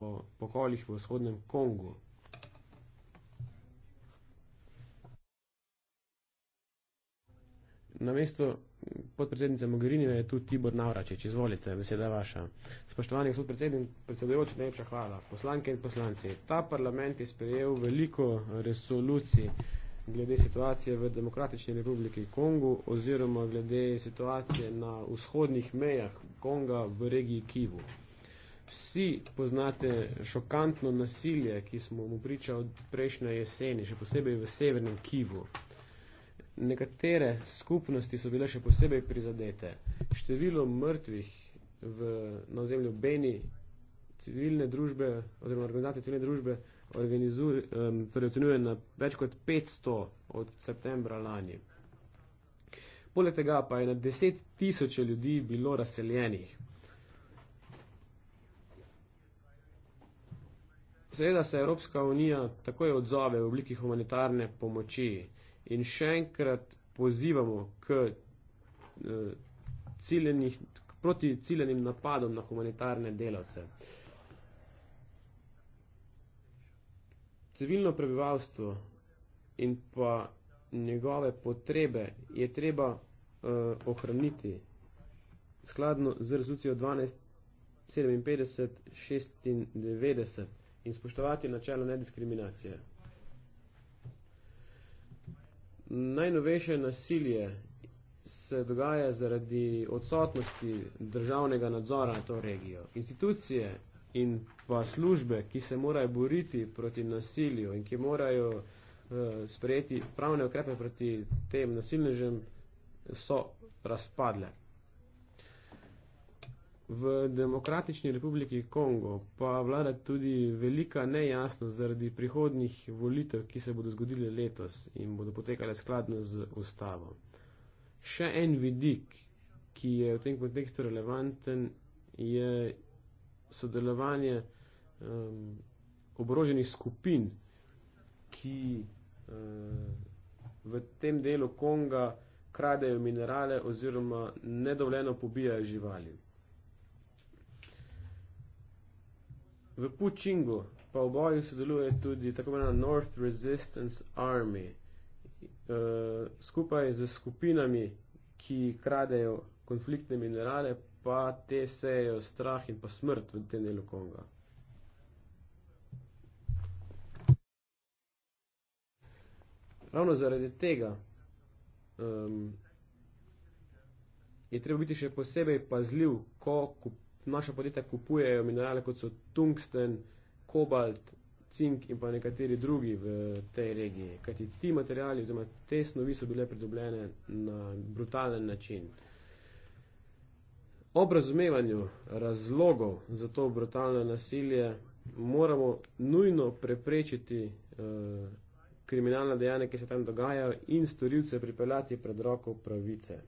o pokolih v vzhodnem Kongu. Na mesto podpredsednice Mogherini je tu Tibor Navračeč. Izvolite, beseda vaša. Spoštovani gospod predsednik, predsedujoči, najlepša hvala. Poslanke in poslanci, ta parlament je sprejel veliko resolucij glede situacije v Demokratični republiki Kongu oziroma glede situacije na vzhodnih mejah Konga v regiji Kivu vsi poznate šokantno nasilje, ki smo mu pričali od prejšnje jeseni, še posebej v severnem Kivu. Nekatere skupnosti so bile še posebej prizadete. Število mrtvih v, na ozemlju Beni civilne družbe oziroma organizacije civilne družbe um, torej ocenjuje na več kot 500 od septembra lani. Poleg tega pa je na deset tisoče ljudi bilo razseljenih. Seveda se Evropska unija takoj odzove v obliki humanitarne pomoči in še enkrat pozivamo k, eh, ciljenih, k proti ciljenim napadom na humanitarne delavce. Civilno prebivalstvo in pa njegove potrebe je treba uh, ohraniti skladno z rezolucijo 12.57.96 in spoštovati načelo nediskriminacije. Najnovejše nasilje se dogaja zaradi odsotnosti državnega nadzora na to regijo. Institucije in pa službe, ki se morajo boriti proti nasilju in ki morajo uh, sprejeti pravne ukrepe proti tem nasilnežem, so razpadle. V Demokratični republiki Kongo pa vlada tudi velika nejasnost zaradi prihodnjih volitev, ki se bodo zgodile letos in bodo potekale skladno z ustavo. Še en vidik, ki je v tem kontekstu relevanten, je sodelovanje um, oboroženih skupin, ki uh, v tem delu Konga kradejo minerale oziroma nedovoljeno pobijajo živali. V Pučingu pa v boju sodeluje tudi tako imenovana North Resistance Army, uh, skupaj z skupinami, ki kradejo konfliktne minerale, pa te sejejo strah in pa smrt v tem delu Konga. Ravno zaradi tega um, je treba biti še posebej pazljiv, ko kupiti naša podjetja kupujejo minerale, kot so tungsten, kobalt, cink in pa nekateri drugi v tej regiji. Kajti ti materijali oziroma te snovi so bile pridobljene na brutalen način. Ob razumevanju razlogov za to brutalno nasilje moramo nujno preprečiti eh, kriminalne dejanja, ki se tam dogajajo in storilce pripeljati pred roko pravice.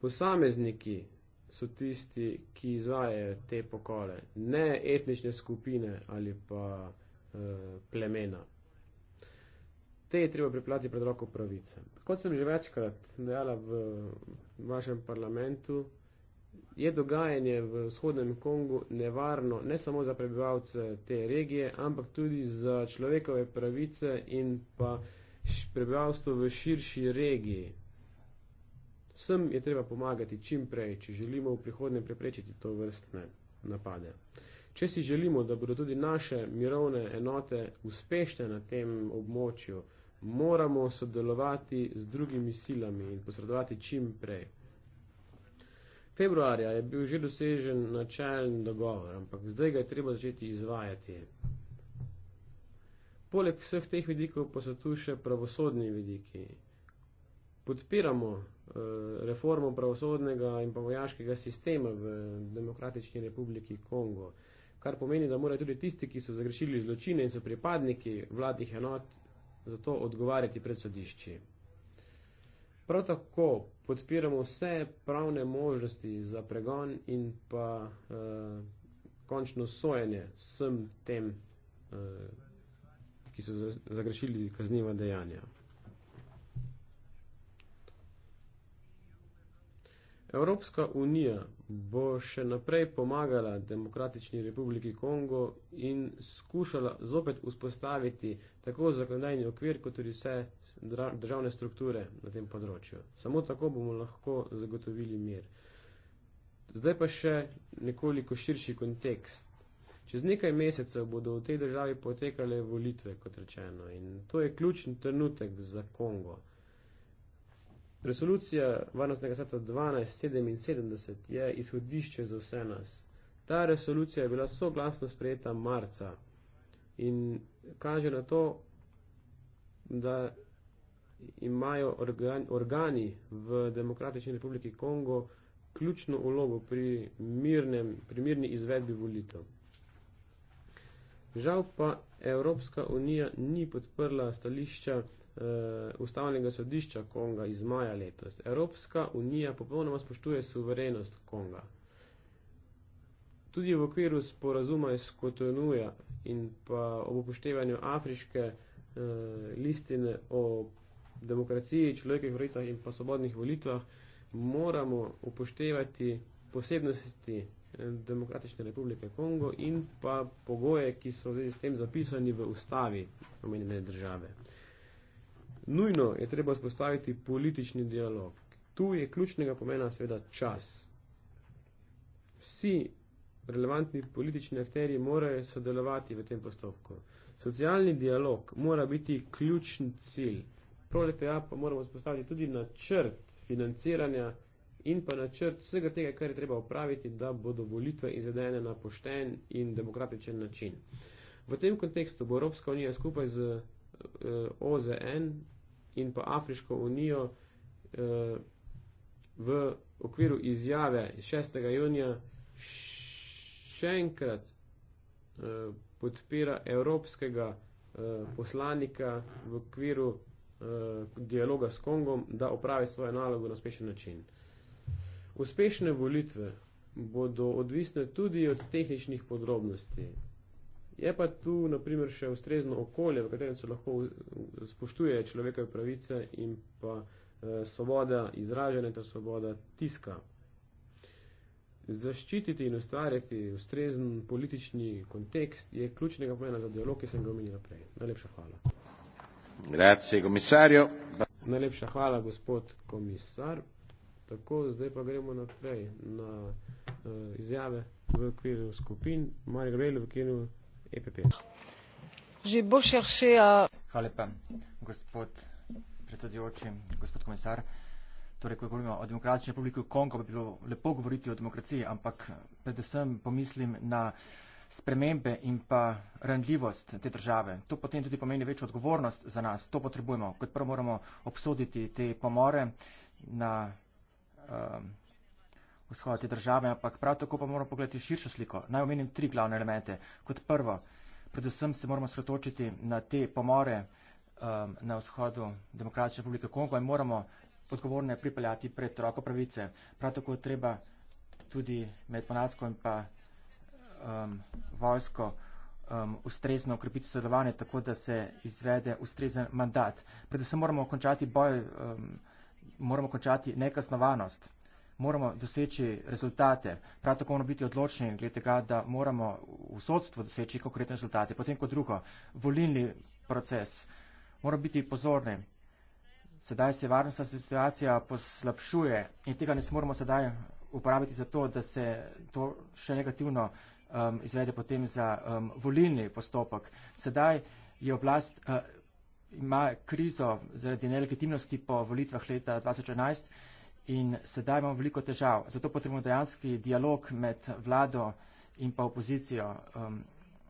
Posamezniki so tisti, ki izvajajo te pokole, ne etnične skupine ali pa e, plemena. Te je treba priplati pred roko pravice. Kot sem že večkrat dejala v vašem parlamentu, je dogajanje v vzhodnem Kongu nevarno ne samo za prebivalce te regije, ampak tudi za človekove pravice in pa prebivalstvo v širši regiji. Vsem je treba pomagati čim prej, če želimo v prihodnje preprečiti to vrstne napade. Če si želimo, da bodo tudi naše mirovne enote uspešne na tem območju, moramo sodelovati z drugimi silami in posredovati čim prej. Februarja je bil že dosežen načeljen dogovor, ampak zdaj ga je treba začeti izvajati. Poleg vseh teh vidikov pa so tu še pravosodni vidiki podpiramo eh, reformo pravosodnega in pa vojaškega sistema v Demokratični republiki Kongo, kar pomeni, da morajo tudi tisti, ki so zagrešili zločine in so pripadniki vladnih enot, za to odgovarjati pred sodišči. Prav tako podpiramo vse pravne možnosti za pregon in pa eh, končno sojenje vsem tem, eh, ki so zagrešili kazniva dejanja. Evropska unija bo še naprej pomagala Demokratični republiki Kongo in skušala zopet vzpostaviti tako zakonodajni okvir, kot tudi vse državne strukture na tem področju. Samo tako bomo lahko zagotovili mir. Zdaj pa še nekoliko širši kontekst. Čez nekaj mesecev bodo v tej državi potekale volitve, kot rečeno, in to je ključni trenutek za Kongo. Resolucija Varnostnega sveta 1277 je izhodišče za vse nas. Ta resolucija je bila soglasno sprejeta marca in kaže na to, da imajo organi v Demokratični republiki Kongo ključno ulogo pri, mirnem, pri mirni izvedbi volitev. Žal pa Evropska unija ni podprla stališča uh, ustavnega sodišča Konga iz maja letos. Evropska unija popolnoma spoštuje suverenost Konga. Tudi v okviru sporazuma iz Kotonuja in pa ob upoštevanju afriške uh, listine o demokraciji, človekih vrecah in pa svobodnih volitvah moramo upoštevati posebnosti eh, Demokratične republike Kongo in pa pogoje, ki so v zvezi s tem zapisani v ustavi omenjene države. Nujno je treba vzpostaviti politični dialog. Tu je ključnega pomena seveda čas. Vsi relevantni politični akteri morajo sodelovati v tem postopku. Socialni dialog mora biti ključni cilj. Prole tega pa moramo spostaviti tudi načrt financiranja in pa načrt vsega tega, kar je treba upraviti, da bodo volitve izvedene na pošten in demokratičen način. V tem kontekstu bo Evropska unija skupaj z eh, OZN in pa Afriško unijo eh, v okviru izjave iz 6. junija še enkrat eh, podpira evropskega eh, poslanika v okviru eh, dialoga s Kongom, da opravi svojo nalogo na uspešen način. Uspešne volitve bodo odvisne tudi od tehničnih podrobnosti. Je pa tu, naprimer, še ustrezno okolje, v katerem se lahko spoštuje človekove pravice in pa eh, svoboda izražanja ter svoboda tiska. Zaščititi in ustvarjati ustrezen politični kontekst je ključnega pomena za dialog, ki sem ga omenila prej. Najlepša hvala. Grazie, Najlepša hvala, gospod komisar. Tako, zdaj pa gremo naprej na eh, izjave v okviru skupin. Mario Grelo v okviru. E Hvala lepa, gospod predsedujoči, gospod komisar. Torej, ko govorimo o demokratični republiki Kongo, bi bilo lepo govoriti o demokraciji, ampak predvsem pomislim na spremembe in pa randljivost te države. To potem tudi pomeni večjo odgovornost za nas. To potrebujemo. Kot prvo moramo obsoditi te pomore na. Um, vzhoda te države, ampak prav tako pa moramo pogledati širšo sliko. Naj omenim tri glavne elemente. Kot prvo, predvsem se moramo sretočiti na te pomore um, na vzhodu Demokratične republike Kongo in moramo odgovorne pripeljati pred roko pravice. Prav tako treba tudi med Monasko in pa um, vojsko um, ustrezno ukrepiti sodelovanje, tako da se izvede ustrezen mandat. Predvsem moramo končati boj, um, moramo končati nekasnovanost moramo doseči rezultate, prav tako moramo biti odločni glede tega, da moramo v sodstvu doseči konkretne rezultate. Potem kot drugo, volilni proces. Moramo biti pozorni. Sedaj se varnostna situacija poslabšuje in tega ne smemo sedaj uporabiti za to, da se to še negativno um, izvede potem za um, volilni postopek. Sedaj je oblast. Uh, ima krizo zaradi nelegitimnosti po volitvah leta 2011 in sedaj imamo veliko težav. Zato potrebujemo dejanski dialog med vlado in pa opozicijo. Um,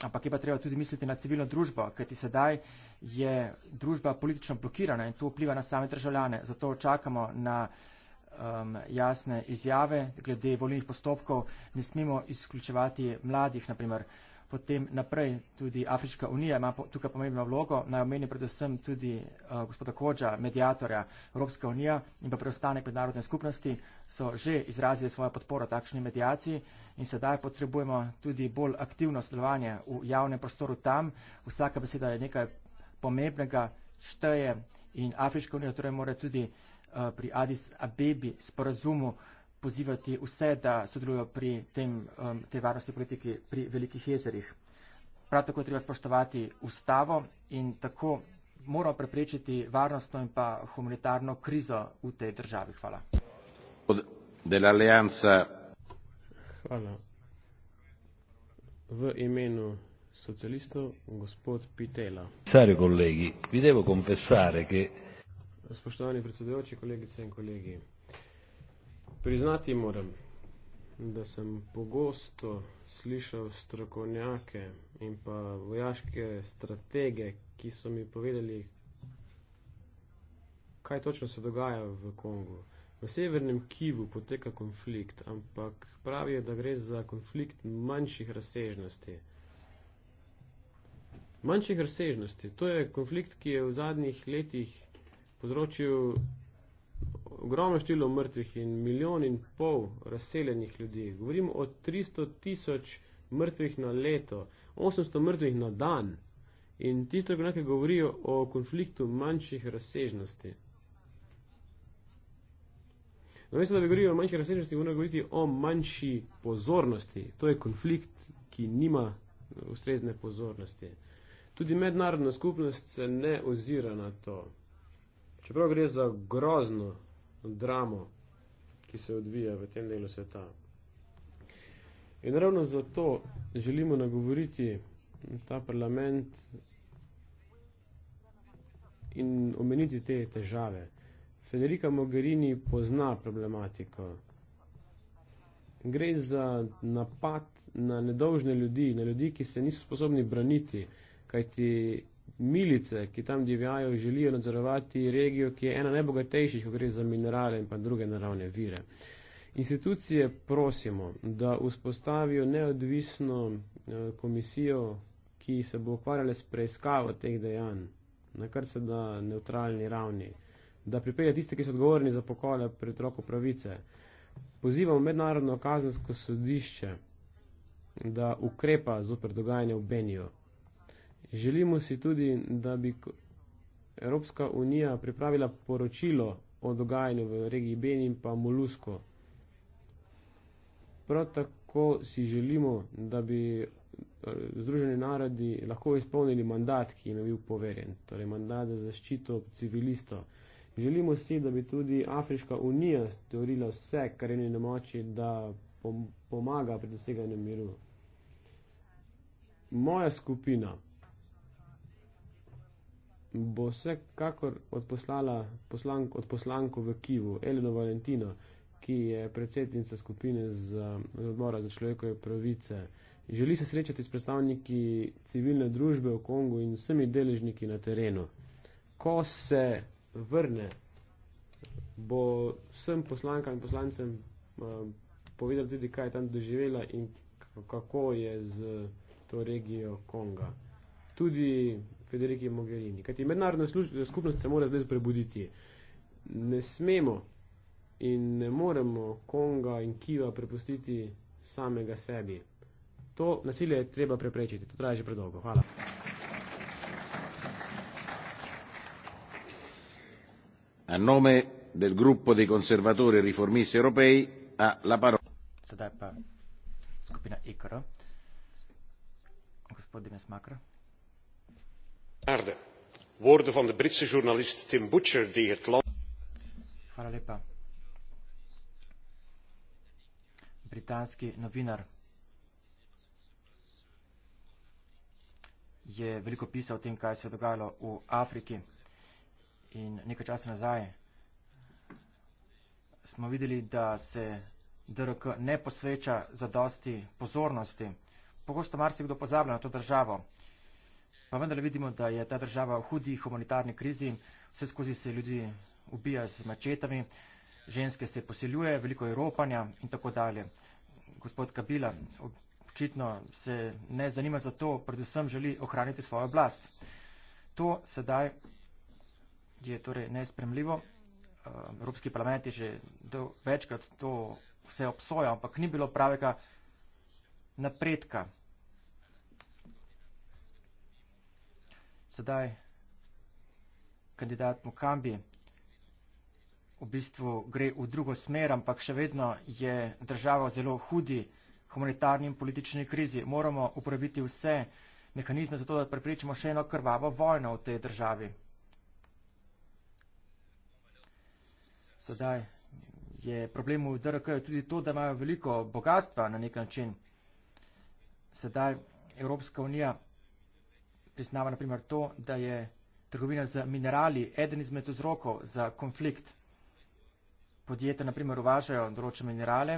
ampak je pa treba tudi misliti na civilno družbo, kajti sedaj je družba politično blokirana in to vpliva na same državljane. Zato čakamo na um, jasne izjave glede volilnih postopkov. Ne smemo izključevati mladih, naprimer. Potem naprej tudi Afriška unija ima tukaj pomembno vlogo, naj omenim predvsem tudi uh, gospoda Kođa, medijatorja Evropska unija in pa preostanek mednarodne skupnosti so že izrazili svojo podporo takšni medijaciji in sedaj potrebujemo tudi bolj aktivno sodelovanje v javnem prostoru tam. Vsaka beseda je nekaj pomembnega, šteje in Afriška unija torej mora tudi uh, pri Addis Abebi sporazumu uh, pozivati vse, da sodelujo pri tem, um, tej varnosti politiki pri velikih jezerih. Prav tako je treba spoštovati ustavo in tako moramo preprečiti varnostno in pa humanitarno krizo v tej državi. Hvala. Hvala. V imenu socialistov gospod Pitela. Sari kolegi, vi devo konfessare, ki. Spoštovani predsedujoči, kolegice in kolegi. Priznati moram, da sem pogosto slišal strokovnjake in pa vojaške stratege, ki so mi povedali, kaj točno se dogaja v Kongu. V severnem Kivu poteka konflikt, ampak pravijo, da gre za konflikt manjših razsežnosti. Manjših razsežnosti. To je konflikt, ki je v zadnjih letih povzročil ogromno število mrtvih in milijon in pol razseljenih ljudi, govorimo o 300 tisoč mrtvih na leto, 800 mrtvih na dan in tisto, kar nekaj govorijo o konfliktu manjših razsežnosti. Namesto, da bi govorili o manjši razsežnosti, moramo govoriti o manjši pozornosti. To je konflikt, ki nima eh, ustrezne pozornosti. Tudi mednarodna skupnost se ne ozira na to. Čeprav gre za grozno dramo, ki se odvija v tem delu sveta. In ravno zato želimo nagovoriti ta parlament in omeniti te težave. Federica Mogherini pozna problematiko. Gre za napad na nedolžne ljudi, na ljudi, ki se niso sposobni braniti, kajti milice, ki tam divjajo, želijo nadzorovati regijo, ki je ena najbogatejših, ko gre za minerale in pa druge naravne vire. Institucije prosimo, da vzpostavijo neodvisno eh, komisijo, ki se bo ukvarjala s preiskavo teh dejanj, na kar se da neutralni ravni, da pripelje tiste, ki so odgovorni za pokole pred roko pravice. Pozivamo mednarodno kazensko sodišče, da ukrepa zoper dogajanje v Benijo. Želimo si tudi, da bi Evropska unija pripravila poročilo o dogajanju v regiji Benin pa Molusko. Prav tako si želimo, da bi eh, Združeni narodi lahko izpolnili mandat, ki jim je bil poverjen, torej mandat za zaščito civilistov. Želimo si, da bi tudi Afriška unija storila vse, kar je njeno moči, da pomaga pri doseganju miru. Moja skupina, bo vsekakor odposlala poslank, odposlanko v Kivu, Eleno Valentino, ki je predsednica skupine z odbora za človekove pravice. Želi se srečati s predstavniki civilne družbe v Kongu in vsemi deležniki na terenu. Ko se vrne, bo vsem poslankam in poslancem eh, povedala tudi, kaj je tam doživela in kako je z to regijo Konga. Tudi Federiki Mogherini. Kajti mednarodna skupnost se mora zdaj prebuditi. Ne smemo in ne moremo Konga in Kiva prepustiti samega sebi. To nasilje je treba preprečiti. To traja že predolgo. Hvala. A nome del gruppo dei conservatori e riformisti europei ha la parola. Sedaj pa skupina Ikro. Gospod Dimes Makro aarde. woorden van de britse journalist tim butcher die het land. Britanski novinar je veliko pisal o tem, kaj se je dogajalo v Afriki. In nekaj časa nazaj smo videli, da se DRK ne posveča za dosti pozornosti. Pogosto marsikdo pozablja na to državo pa vendar vidimo, da je ta država v hudi humanitarni krizi, vse skozi se ljudi ubija z mačetami, ženske se posiljuje, veliko je ropanja in tako dalje. Gospod Kabila očitno se ne zanima za to, predvsem želi ohraniti svojo oblast. To sedaj je torej nespremljivo. Ehm, Evropski parlament je že do, večkrat to vse obsojal, ampak ni bilo pravega napredka. sedaj kandidat Mukambi v bistvu gre v drugo smer, ampak še vedno je država v zelo hudi humanitarni in politični krizi. Moramo uporabiti vse mehanizme za to, da prepričamo še eno krvavo vojno v tej državi. Sedaj je problem v DRK tudi to, da imajo veliko bogatstva na nek način. Sedaj Evropska unija priznava naprimer to, da je trgovina z minerali eden izmed vzrokov za konflikt. Podjetja naprimer uvažajo določene minerale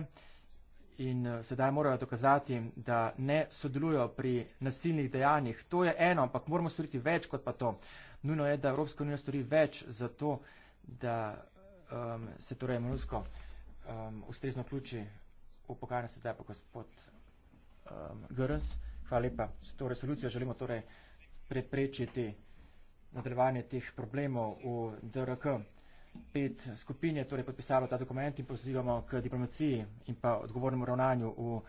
in eh, sedaj morajo dokazati, da ne sodelujo pri nasilnih dejanjih. To je eno, ampak moramo storiti več kot pa to. Nujno je, da Evropska unija stori več za to, da um, se torej Monusko um, ustrezno vključi v pogajanje sedaj pa gospod um, ehm, Grns. Hvala lepa. S to resolucijo želimo torej preprečiti nadaljevanje teh problemov v DRK. Pet skupin je torej podpisalo ta dokument in pozivamo k diplomaciji in pa odgovornemu ravnanju v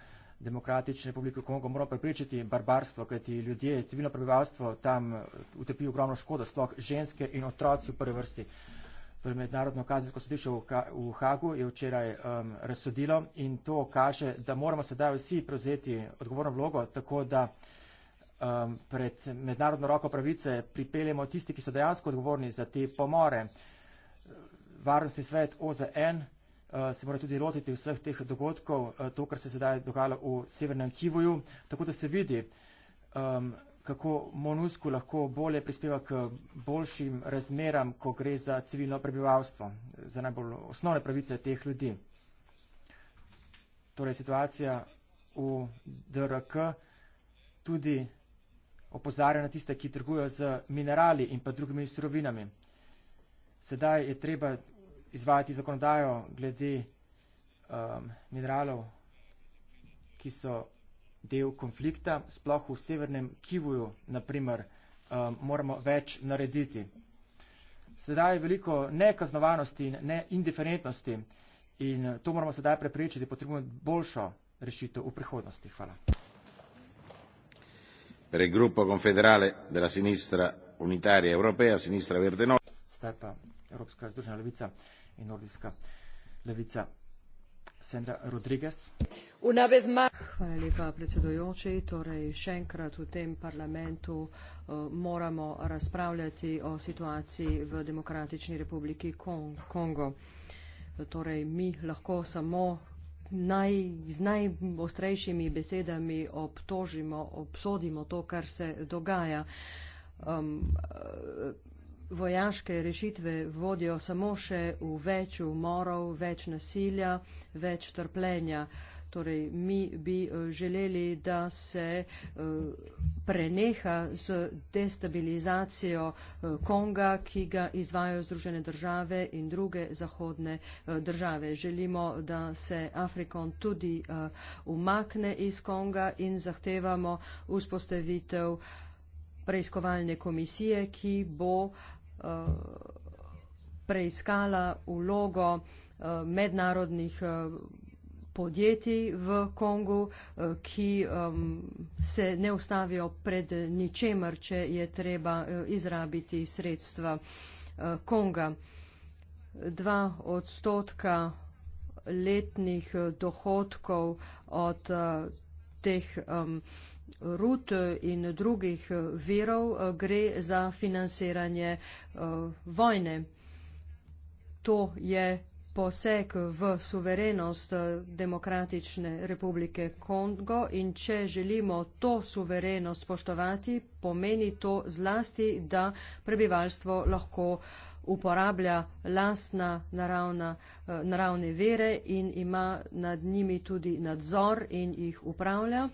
Demokratični republiki Kongo. Moramo preprečiti barbarstvo, kajti ljudje, civilno prebivalstvo tam eh, utrpi ogromno škodo, sploh ženske in otroci v prvi vrsti. Torej mednarodno kazensko sodišče v Hagu je včeraj um, razsodilo in to kaže, da moramo sedaj vsi prevzeti odgovorno vlogo, tako da um, pred mednarodno roko pravice pripeljemo tisti, ki so dejansko odgovorni za te pomore. Varnostni svet OZN uh, se mora tudi lotiti vseh teh dogodkov, uh, to, kar se sedaj dogaja v Severnem Kivuju, tako da se vidi, um, kako MONUSKU lahko bolje prispeva k boljšim razmeram, ko gre za civilno prebivalstvo, za najbolj osnovne pravice teh ljudi. Torej, situacija v DRK tudi opozarja na tiste, ki trgujejo z minerali in pa drugimi surovinami. Sedaj je treba izvajati zakonodajo glede um, mineralov, ki so del konflikta, sploh v severnem Kivuju, naprimer, um, moramo več narediti. Sedaj je veliko nekaznovanosti in neindiferentnosti in to moramo sedaj preprečiti, potrebujemo boljšo rešitev v prihodnosti. Hvala per il gruppo confederale della sinistra unitaria europea sinistra verde nord stepa europska združena levica i nordijska levica Sandra Rodriguez. Una vez más. Hvala lepa, predsedojoči. Torej, še enkrat v tem parlamentu uh, moramo razpravljati o situaciji v Demokratični republiki Kongo. Torej, mi lahko samo naj, z najostrejšimi besedami obtožimo, obsodimo to, kar se dogaja. Um, vojaške rešitve vodijo samo še v več umorov, več nasilja, več trpljenja. Uh, Torej, mi bi eh, želeli, da se eh, preneha z destabilizacijo eh, Konga, ki ga izvajo Združene države in druge zahodne države. Želimo, da se Afrikon tudi umakne iz Konga in zahtevamo vzpostavitev preiskovalne komisije, ki bo preiskala vlogo mednarodnih podjetij v Kongu, eh, ki se ne ustavijo pred ničemer, če je treba eh, izrabiti sredstva eh, Konga. Dva odstotka letnih dohodkov od teh rut in drugih virov gre za financiranje vojne. To je poseg v suverenost eh, Demokratične republike Kongo in če želimo to suverenost spoštovati, pomeni to zlasti, da prebivalstvo lahko uporablja lastna naravna, eh, naravne vere in ima nad njimi tudi nadzor in jih upravlja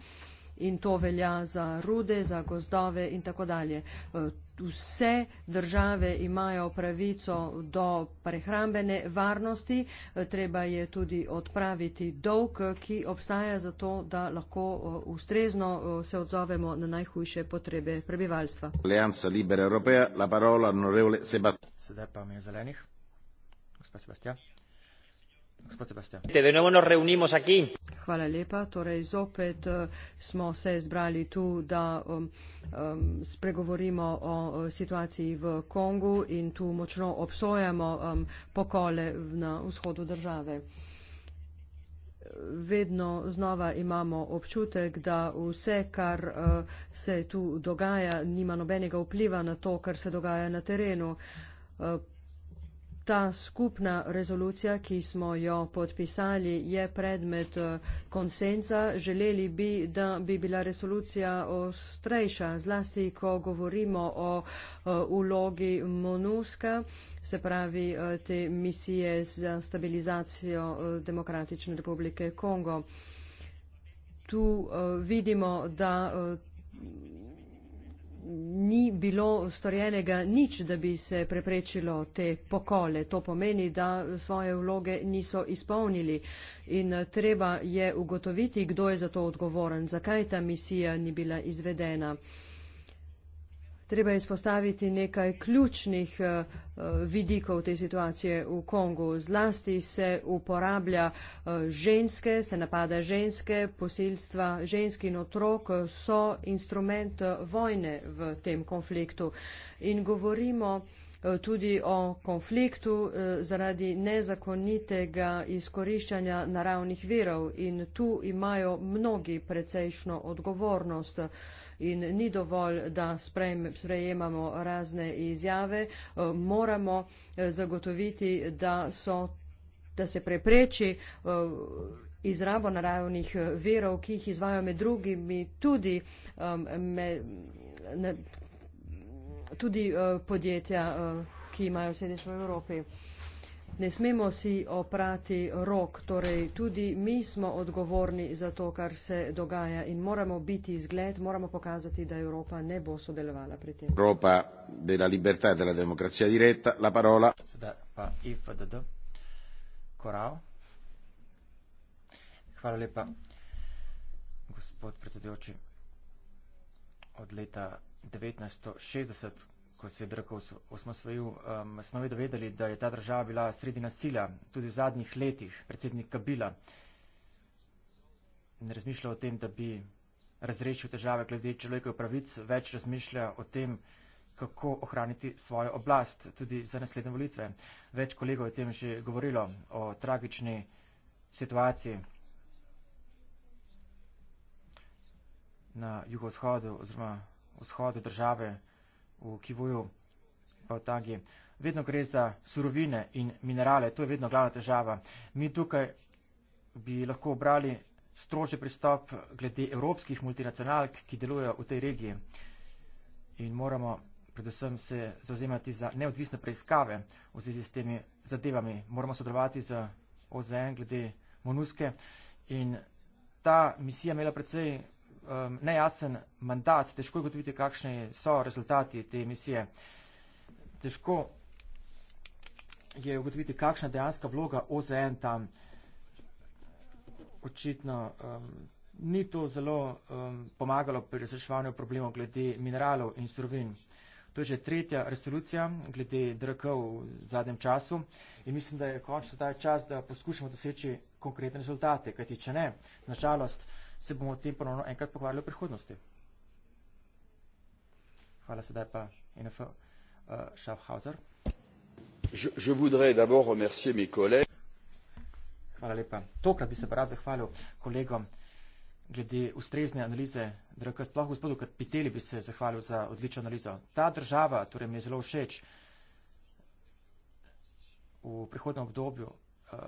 in to velja za rude, za gozdove in tako dalje. Eh, vse države imajo pravico do prehrambene varnosti, eh, treba je tudi odpraviti dolg, ki obstaja zato, da lahko eh, ustrezno se odzovemo na najhujše potrebe prebivalstva. Sedaj pa mi je zelenih. Gospa Sebastian. De nuevo nos reunimos aquí. Hvala lepa. Torej, zopet uh, smo se zbrali tu, da um, um, spregovorimo o uh, situaciji v Kongu in tu močno obsojamo um, pokole na vzhodu države. Vedno znova imamo občutek, da vse, kar uh, se tu dogaja, nima nobenega vpliva na to, kar se dogaja na terenu. Uh, Ta skupna rezolucija, ki smo jo podpisali, je predmet eh, konsenza. Želeli bi, da bi bila rezolucija ostrejša, zlasti ko govorimo o ulogi eh, MONUSKA, se pravi eh, te misije za stabilizacijo Demokratične republike Kongo. Tu vidimo, da ni bilo storjenega nič, da bi se preprečilo te pokole. To pomeni, da svoje vloge niso izpolnili in eh, treba je ugotoviti, kdo je za to odgovoren, zakaj ta misija ni bila izvedena treba izpostaviti nekaj ključnih eh, eh, vidikov te situacije v Kongu. Zlasti se uporablja eh, ženske, se napada ženske, posilstva ženski in otrok so instrument vojne v tem konfliktu. In govorimo tudi o konfliktu zaradi nezakonitega izkoriščanja naravnih virov in tu imajo mnogi precejšno odgovornost in ni dovolj, da sprejemamo razne izjave, eh, moramo eh, zagotoviti, da, so, da se prepreči eh, izrabo naravnih verov, ki jih izvajo med drugimi tudi, med, tudi podjetja, ki imajo sedež v Evropi. Ne smemo si oprati rok, torej tudi mi smo odgovorni za to, kar se dogaja in moramo biti izgled, moramo pokazati, da Evropa ne bo sodelovala pri tem. Evropa della libertà e della democrazia diretta, la parola. Hvala lepa, gospod predsedujoči. Od leta 1960, ko se je Drago osmosvojil, um, smo vedno vedeli, da je ta država bila sredi nasilja, tudi v zadnjih letih, predsednik Kabila. Ne razmišlja o tem, da bi razrešil težave glede človekovih pravic, več razmišlja o tem, kako ohraniti svojo oblast tudi za naslednje volitve. Več kolegov je o tem že govorilo, o tragični situaciji na jugovzhodu oziroma vzhodu države v Kivuju, pa v Tangi. Vedno gre za surovine in minerale, to je vedno glavna težava. Mi tukaj bi lahko obrali strože pristop glede evropskih multinacionalk, ki delujejo v tej regiji. In moramo predvsem se zauzemati za neodvisne preiskave v zvezi s temi zadevami. Moramo sodelovati z OZN glede Monuske. In ta misija imela predvsej um, nejasen mandat, težko je gotoviti, kakšne so rezultati te misije. Težko je ugotoviti, kakšna dejanska vloga OZN tam. Očitno um, ni to zelo um, pomagalo pri razreševanju problemov glede mineralov in surovin. To je že tretja resolucija glede DRK v zadnjem času in mislim, da je končno zdaj čas, da poskušamo doseči konkretne rezultate, kajti če ne, nažalost, se bomo o tem ponovno enkrat pogovarjali v prihodnosti. Hvala sedaj pa NF uh, eh, Schaffhauser. Je, je Hvala lepa. Tokrat bi se pa rad zahvalil kolegom glede ustrezne analize DRK. Sploh gospodu Kapiteli bi se zahvalil za odlično analizo. Ta država, torej mi je zelo všeč, v prihodnem obdobju. Uh,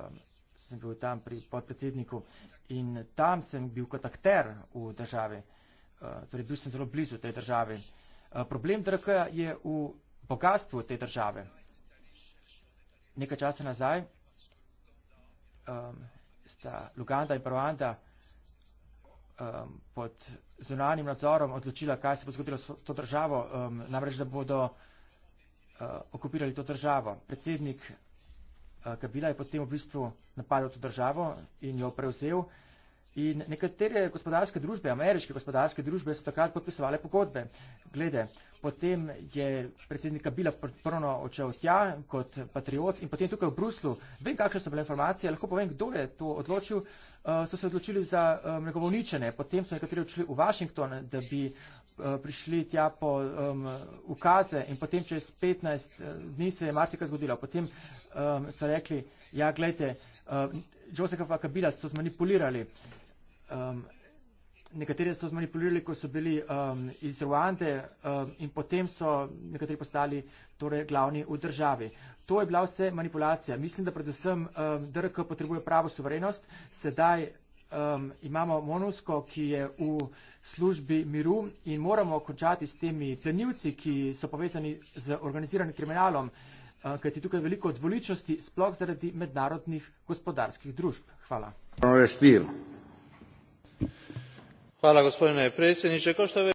sem bil tam pri podpredsedniku in tam sem bil kot akter v državi, eh, torej bil sem zelo blizu tej državi. Eh, problem DRK je v bogatstvu te države. Nekaj časa nazaj ehm, sta Luganda in Rwanda ehm, pod zunanjim nadzorom odločila, kaj se bo zgodilo s to državo, ehm, namreč, da bodo eh, okupirali to državo. Predsednik Eh, Kabila je potem v bistvu napadel to državo in jo prevzel. In nekatere gospodarske družbe, ameriške gospodarske družbe, so takrat podpisovali pogodbe. Glede, potem je predsednik Kabila prvno odšel tja kot patriot in potem tukaj v Bruslu. Vem, kakšne so bile informacije, lahko povem, kdo je to odločil. Uh, so se odločili za um, njegovo uničenje. Potem so nekateri odšli v Washington, da bi uh, Eh, prišli tja po um, ukaze in potem čez 15 eh, dni se je marsikaj zgodilo. Potem um, so rekli, ja, gledajte, um, Josefa Kabila so zmanipulirali. Um, nekateri so zmanipulirali, ko so bili um, iz Ruande um, in potem so nekateri postali torej, glavni v državi. To je bila vse manipulacija. Mislim, da predvsem um, DRK potrebuje pravo suverenost. Sedaj um, imamo Monusko, ki je v službi miru in moramo končati s temi plenilci, ki so povezani z organiziranim kriminalom, um, kajti tukaj je veliko dvoličnosti, sploh zaradi mednarodnih gospodarskih družb. Hvala. Hvala gospodine predsjedniče. Kao što je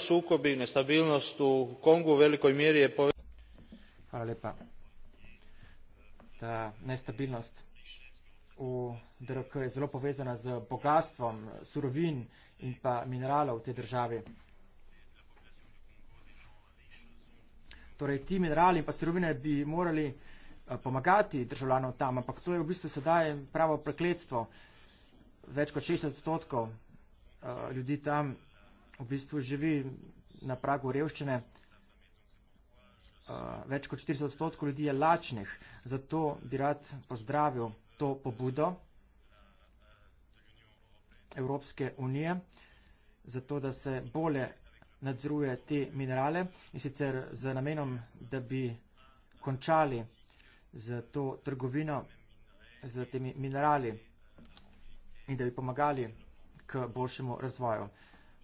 sukobi, nestabilnost u Kongu u velikoj mjeri je povezana. Hvala lijepa. Ta nestabilnost v DRK je zelo povezana z bogatstvom surovin in pa mineralov v tej državi. Torej, ti minerali in pa surovine bi morali eh, pomagati državljanov tam, ampak to je v bistvu sedaj pravo prekletstvo. Več kot 60 odstotkov eh, ljudi tam v bistvu živi na pragu revščine. Eh, več kot 40 odstotkov ljudi je lačnih, zato bi rad pozdravil to pobudo Evropske unije, zato da se bolje nadzoruje te minerale in sicer z namenom, da bi končali z to trgovino z temi minerali in da bi pomagali k boljšemu razvoju.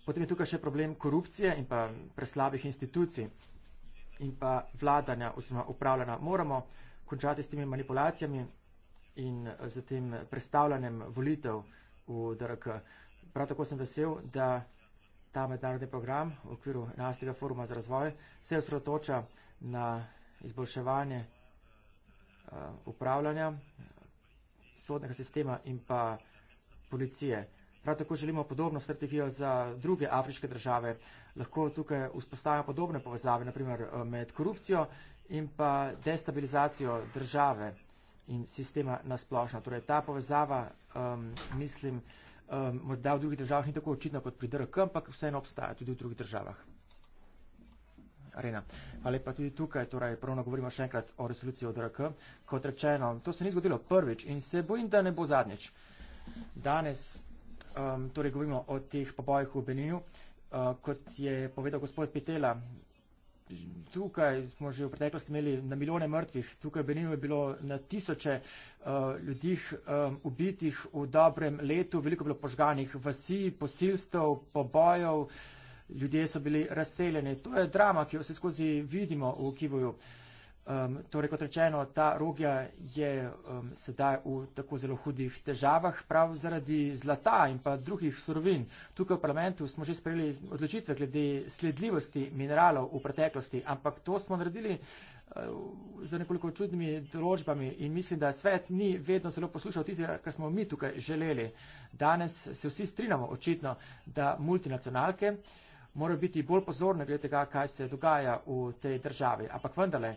Potem je tukaj še problem korupcije in pa preslabih institucij in pa vladanja, oziroma upravljanja. Moramo končati s temi manipulacijami in z tem predstavljanjem volitev v DRK. Prav tako sem vesel, da ta mednarodni program v okviru 11. foruma za razvoj se osredotoča na izboljševanje eh, upravljanja sodnega sistema in pa policije. Prav tako želimo podobno strategijo za druge afriške države. Lahko tukaj vzpostavimo podobne povezave, naprimer eh, med korupcijo in pa destabilizacijo države in sistema nasplošno. Torej, ta povezava, um, mislim, um, morda v drugih državah ni tako očitna kot pri DRK, ampak vseeno obstaja tudi v drugih državah. Arena. Ali pa tudi tukaj, torej pravno govorimo še enkrat o resoluciji o DRK. Kot rečeno, to se ni zgodilo prvič in se bojim, da ne bo zadnjič. Danes um, torej govorimo o teh pobojih v Beninu. Uh, kot je povedal gospod Pitela, Tukaj smo že v preteklosti imeli na milijone mrtvih, tukaj Benino je bilo na tisoče uh, ljudi um, ubitih v dobrem letu, veliko je bilo požganih vasi, posilstev, pobojev, ljudje so bili razseljeni. To je drama, ki jo vse skozi vidimo v Kivuju. Uh, Um, torej, kot rečeno, ta rogja je um, sedaj v tako zelo hudih težavah prav zaradi zlata in pa drugih surovin. Tukaj v parlamentu smo že sprejeli odločitve glede sledljivosti mineralov v preteklosti, ampak to smo naredili uh, za nekoliko čudnimi določbami in mislim, da svet ni vedno zelo poslušal tistega, kar smo mi tukaj želeli. Danes se vsi strinamo očitno, da multinacionalke morajo biti bolj pozorne glede tega, kaj se dogaja v tej državi. Ampak vendarle,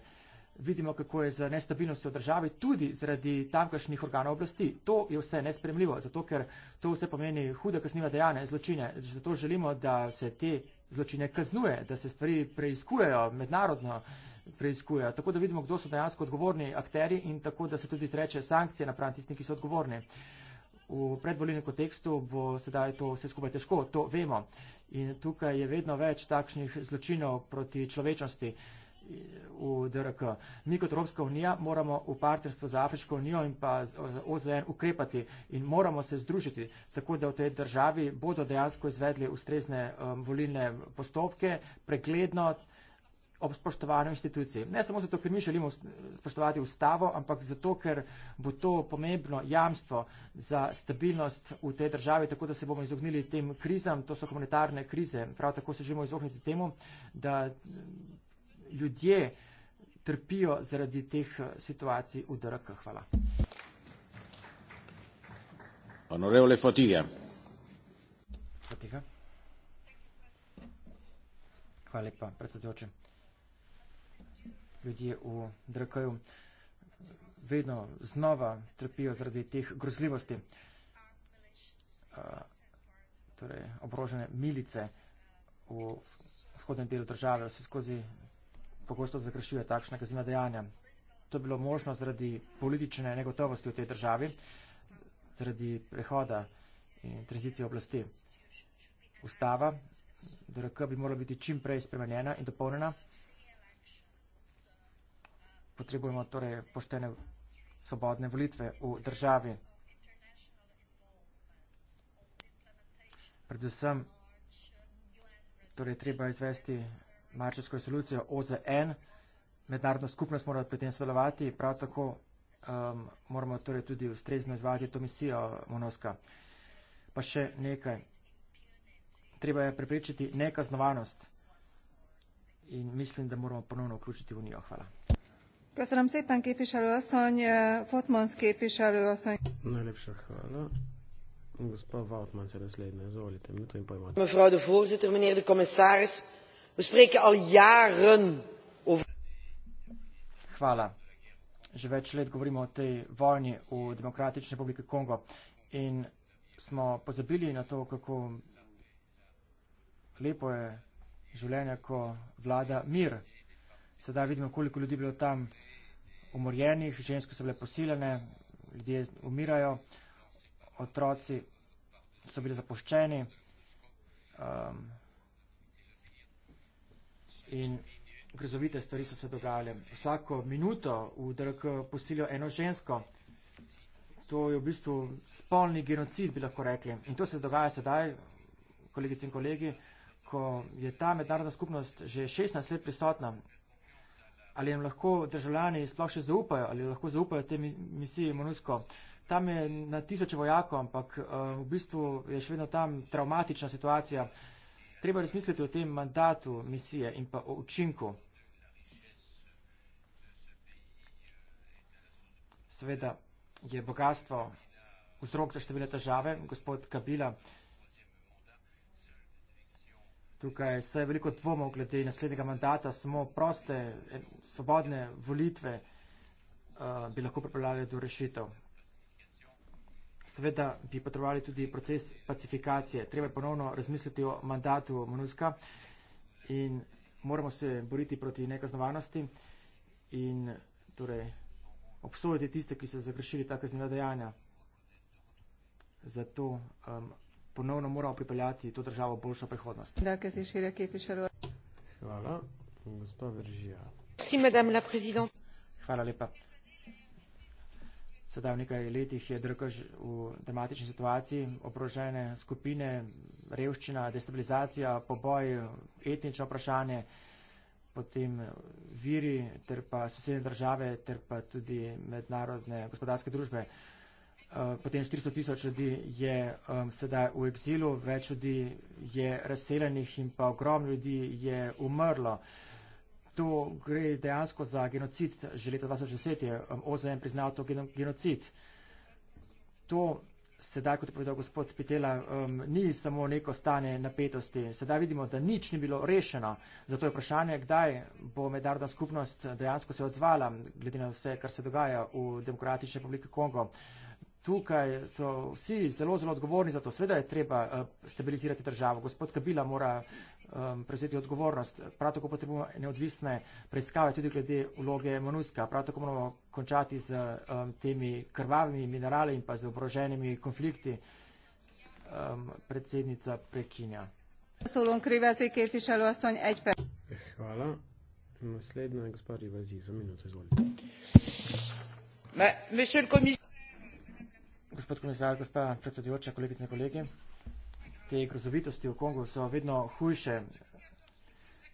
vidimo, kako je z nestabilnostjo v državi, tudi zaradi tamkajšnjih organov oblasti. To je vse nespremljivo, zato ker to vse pomeni hude kaznive dejane, zločine. Zato želimo, da se te zločine kaznuje, da se stvari preizkujejo, mednarodno preizkujejo, tako da vidimo, kdo so dejansko odgovorni akteri in tako, da se tudi izreče sankcije napram tistim, ki so odgovorni. V predvoljenem kontekstu bo sedaj to vse skupaj težko, to vemo. In tukaj je vedno več takšnih zločinov proti človečnosti v DRK. Mi kot Evropska unija moramo v partnerstvu z Afriško unijo in pa z OZN ukrepati in moramo se združiti, tako da v tej državi bodo dejansko izvedli ustrezne um, volilne postopke, pregledno ob spoštovanju institucij. Ne samo zato, ker mi želimo spoštovati ustavo, ampak zato, ker bo to pomembno jamstvo za stabilnost v tej državi, tako da se bomo izognili tem krizam, to so humanitarne krize. Prav tako se želimo izogniti temu, da ljudje trpijo zaradi teh eh, situacij v DRK. Hvala. Honorevole Fatiga. Fatiga. Hvala lepa, predsedujoče. Ljudje v DRK-ju vedno znova trpijo zaradi teh grozljivosti. Eh, torej, obrožene milice v vzhodnem delu države vse skozi pogosto zakršuje takšna kazniva dejanja. To je bilo možno zaradi politične negotovosti v tej državi, zaradi prehoda in tranzicije oblasti. Ustava DRK bi morala biti čim prej spremenjena in dopolnjena. Potrebujemo torej poštene svobodne volitve v državi. Predvsem torej treba izvesti marčevsko resolucijo OZN. Mednarodna skupnost mora pri tem sodelovati, prav tako um, moramo torej tudi ustrezno izvajati to misijo Monoska. Pa še nekaj. Treba je prepričati nekaznovanost in mislim, da moramo ponovno vključiti v njo. Hvala. Köszönöm szépen képviselő asszony, Fotmans eh, képviselő asszony. Najlepša hvala. Gospod Vautman, se razledne, zvolite, mi to im pojmo. Mevrouw de voorzitter, meneer de commissaris, We spreken al jaren over. Hvala. Že več let govorimo o tej vojni v Demokratični republiki Kongo in smo pozabili na to, kako lepo je življenje, ko vlada mir. Sedaj vidimo, koliko ljudi je bilo tam umorjenih, ženske so bile posiljene, ljudje umirajo, otroci so bili zapuščeni. Um, in grozovite stvari so se dogajale. Vsako minuto v DRK posilijo eno žensko. To je v bistvu spolni genocid, bi lahko rekli. In to se dogaja sedaj, kolegice in kolegi, ko je ta mednarodna skupnost že 16 let prisotna. Ali jim lahko državljani sploh še zaupajo, ali lahko zaupajo te misije MONUSKO. Tam je na tisoče vojakov, ampak eh, v bistvu je še vedno tam traumatična situacija treba razmisliti o tem mandatu misije in pa o učinku. Seveda je bogatstvo vzrok za številne težave. Gospod Kabila, tukaj se je veliko dvomov glede naslednjega mandata, samo proste, svobodne volitve uh, bi lahko pripravljali do rešitev seveda bi potrebovali tudi proces pacifikacije. Treba je ponovno razmisliti o mandatu MONUSKA in moramo se boriti proti nekaznovanosti in torej obsojiti tiste, ki so zagrešili ta kaznjiva dejanja. Zato um, ponovno moramo pripeljati to državo v boljšo prihodnost. Hvala, gospod Veržija. Hvala lepa sedaj v nekaj letih je drkaž v dramatični situaciji, oprožene skupine, revščina, destabilizacija, poboj, etnično vprašanje, potem viri ter pa sosedne države ter pa tudi mednarodne gospodarske družbe. Eh, potem 400 tisoč ljudi je um, sedaj v eksilu, več ljudi je razseljenih in pa ogrom ljudi je umrlo. Uh, Tu gre dejansko za genocid. Že leta 2010 je um, OZN priznal to genocid. To sedaj, kot je povedal gospod Pitela, um, ni samo neko stanje napetosti. Sedaj vidimo, da nič ni bilo rešeno. Zato je vprašanje, kdaj bo mednarodna skupnost dejansko se odzvala, glede na vse, kar se dogaja v Demokratični republiki Kongo. Tukaj so vsi zelo, zelo odgovorni za to. Sveda je treba uh, stabilizirati državo. Gospod Kabila mora um, prevzeti odgovornost. Prav tako potrebujemo neodvisne preiskave tudi glede vloge Monuska. Prav tako moramo končati z um, temi krvavimi minerali in pa z obroženimi konflikti. Um, predsednica prekinja. Hvala. Naslednja je gospod Rivazi. Za minuto izvolite. Gospod komisar, gospod predsedujoča, kolegice in kolegi te grozovitosti v Kongu so vedno hujše.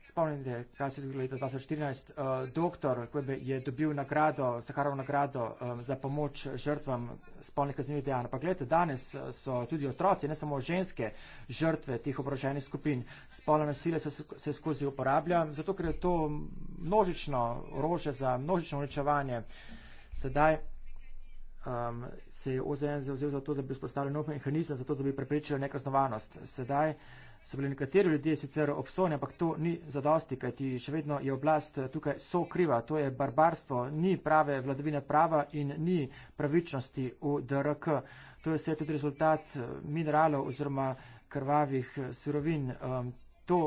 Spomnite, kaj se je zgodilo leta 2014. Uh, eh, doktor Kwebe je dobil nagrado, Sakarov nagrado um, za pomoč žrtvam spolnih kaznivih dejanj. Ampak gledajte, danes eh, so tudi otroci, ne samo ženske, žrtve tih obroženih skupin. Spolne nasile se, se skozi uporablja, zato ker je to množično orože za množično uničevanje. Sedaj um, se je OZN zauzel za to, da bi vzpostavili nov mehanizem, za to, da bi preprečili nekaznovanost. Sedaj so bili nekateri ljudje sicer obsojeni, ampak to ni zadosti, kajti še vedno je oblast eh, tukaj sokriva. To je barbarstvo, ni prave vladavine prava in ni pravičnosti v DRK. To je vse tudi rezultat eh, mineralov oziroma krvavih eh, surovin. Um, to,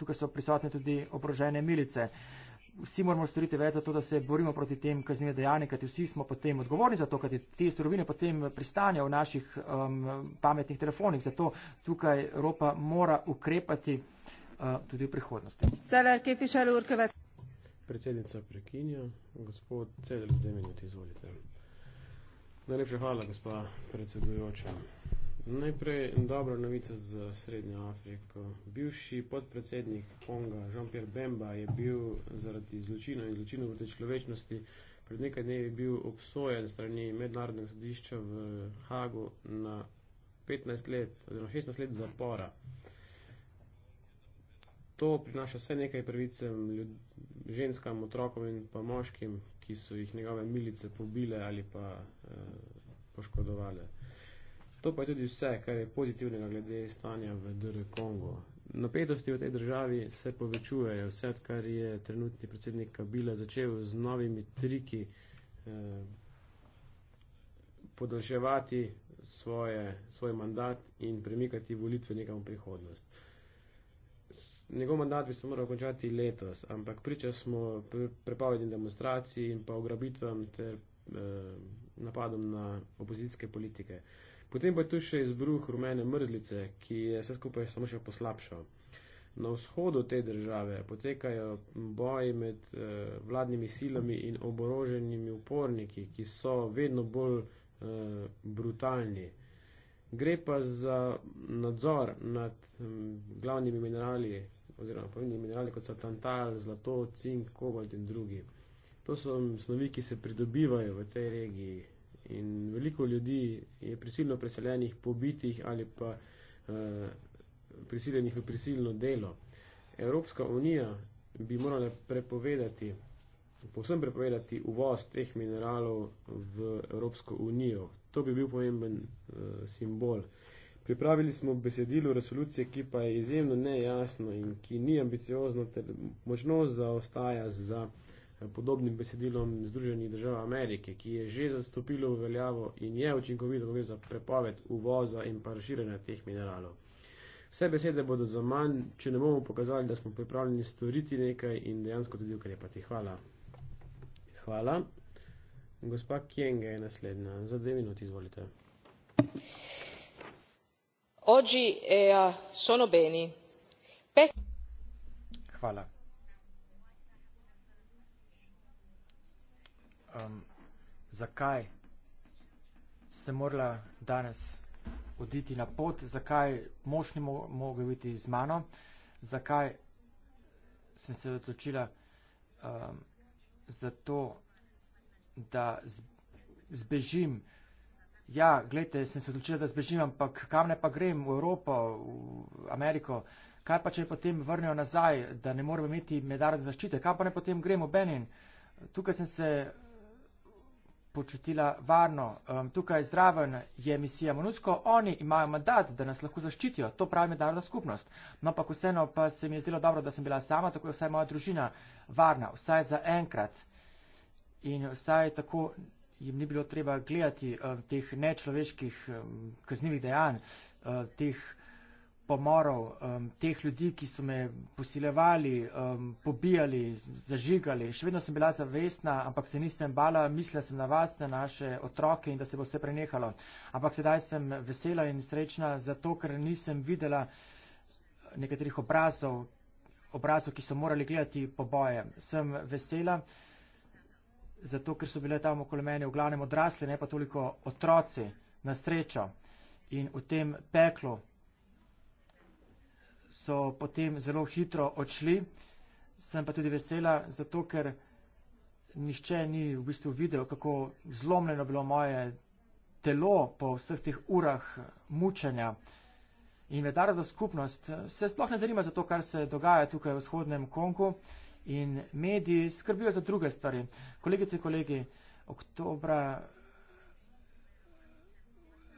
tukaj so prisotne tudi obrožene milice. Uh, vsi moramo storiti več za to, da se borimo proti tem kaznivim dejanjem, kajti vsi smo potem odgovorni za to, kajti te surovine potem pristanejo v naših um, pametnih telefonih. Zato tukaj Evropa mora ukrepati uh, tudi v prihodnosti. Predsednica prekinja, gospod Celer, zdaj minuti, izvolite. Najlepša hvala, gospa predsedujoča. Najprej dobra novica za Srednjo Afriko. Bivši podpredsednik Konga, Jean-Pierre Bemba, je bil zaradi zločina in zločina proti človečnosti pred nekaj dnevi bil obsojen strani mednarodnega sodišča v Hagu na 15 let oziroma 16 let zapora. To prinaša vse nekaj pravicem ljud, ženskam, otrokom in pa moškim, ki so jih njegove milice pobile ali pa eh, poškodovale. To pa je tudi vse, kar je pozitivnega glede stanja v DR Kongo. Napetosti v tej državi se povečujejo, vse odkar je trenutni predsednik Kabila začel z novimi triki eh, podaljševati svoje, svoj mandat in premikati volitve nekam v prihodnost. Njegov mandat bi se moral končati letos, ampak priča smo prepovedi demonstracij in pa ugrabitvam ter eh, napadom na opozicijske politike. Eh, Potem pa je tu še izbruh rumene mrzlice, ki je vse skupaj samo še poslabšal. Na vzhodu te države potekajo boji med eh, vladnimi silami in oboroženimi uporniki, ki so vedno bolj eh, brutalni. Gre pa za nadzor nad hm, glavnimi minerali, oziroma pomembnimi minerali, kot so tantal, zlato, cink, kobalt in drugi. To so snovi, ki se pridobivajo v tej regiji In veliko ljudi je prisilno preseljenih, pobitih ali pa uh, prisiljenih v prisilno delo. Evropska unija bi morala prepovedati, povsem prepovedati uvoz teh mineralov v Evropsko unijo. To bi bil pomemben uh, simbol. Pripravili smo besedilo resolucije, ki pa je izjemno nejasno in ki ni ambiciozno ter močno zaostaja za podobnim besedilom Združenih držav Amerike, ki je že zastopilo v veljavo in je učinkovito gre za prepoved uvoza in parširanja teh mineralov. Vse besede bodo za manj, če ne bomo pokazali, da smo pripravljeni storiti nekaj in dejansko tudi ukrepati. Hvala. Hvala. Gospa Kjenge je naslednja. Za dve minuti izvolite. Oggi e eh, a sono beni. Pe Hvala. um, zakaj se morala danes oditi na pot, zakaj mož ni mo mogel biti z mano, zakaj sem se odločila um, za to, da zbežim. Ja, gledajte, sem se odločila, da zbežim, ampak kam ne pa grem, v Evropo, v Ameriko, kaj pa če potem vrnejo nazaj, da ne moram imeti mednarodne zaščite, kam pa ne potem grem v Benin. Tukaj sem se počutila varno. Um, tukaj zraven je misija Monusko, oni imajo mandat, da nas lahko zaščitijo, to pravi mednarodna skupnost. No, pa vseeno pa se mi je zdelo dobro, da sem bila sama, tako je vsaj moja družina varna, vsaj za enkrat. In vsaj tako jim ni bilo treba gledati uh, teh nečloveških um, kaznjivih dejanj, uh, teh pomorov, um, teh ljudi, ki so me posilevali, um, pobijali, zažigali. Še vedno sem bila zavestna, ampak se nisem bala, mislila sem na vas, na naše otroke in da se bo vse prenehalo. Ampak sedaj sem vesela in srečna zato, ker nisem videla nekaterih obrazov, obrazov, ki so morali gledati poboje. Sem vesela zato, ker so bile tam okoli mene v glavnem odrasli, ne pa toliko otroci na srečo in v tem peklu so potem zelo hitro odšli. Sem pa tudi vesela, zato ker nišče ni v bistvu videl, kako zlomljeno bilo moje telo po vseh teh urah mučenja. In mednarodna skupnost se sploh ne zanima za to, kar se dogaja tukaj v vzhodnem Kongu in mediji skrbijo za druge stvari. Kolegice in kolegi, oktobra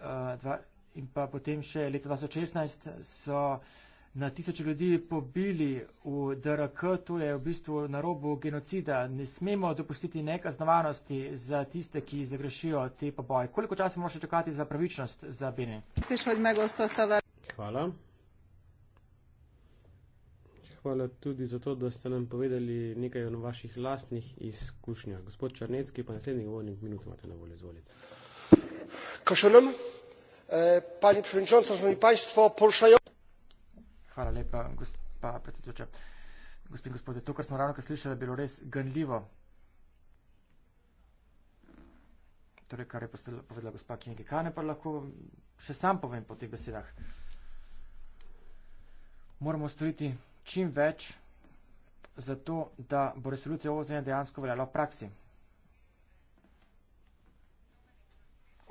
uh, dva, in pa potem še leta 2016 so na tisoče ljudi pobili v DRK, to je v bistvu na robu genocida. Ne smemo dopustiti nekaznovanosti za tiste, ki zagrešijo te poboje. Koliko časa moramo še čakati za pravičnost za Bini? Hvala. Hvala tudi za to, da ste nam povedali nekaj o vaših lastnih izkušnjah. Gospod Črnecki, pa naslednjih vodnih minut imate na voljo, izvolite. Kašunem, eh, pani predsednica, šanovni państwo, poršajo. Hvala lepa, gospa predsedujoča. Gospod in gospode, to, kar smo ravno kar slišali, je bilo res gnljivo. Torej, kar je povedala gospa Kinge Kane, pa lahko še sam povem po teh besedah. Moramo storiti čim več za to, da bo resolucija OZN dejansko veljala v praksi.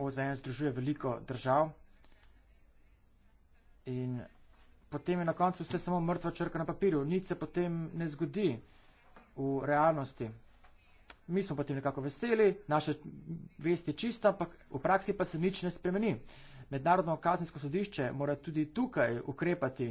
OZN združuje veliko držav in potem je na koncu vse samo mrtva črka na papirju. Nič se potem ne zgodi v realnosti. Mi smo potem nekako veseli, naša vest je čista, ampak v praksi pa se nič ne spremeni. Mednarodno kazensko sodišče mora tudi tukaj ukrepati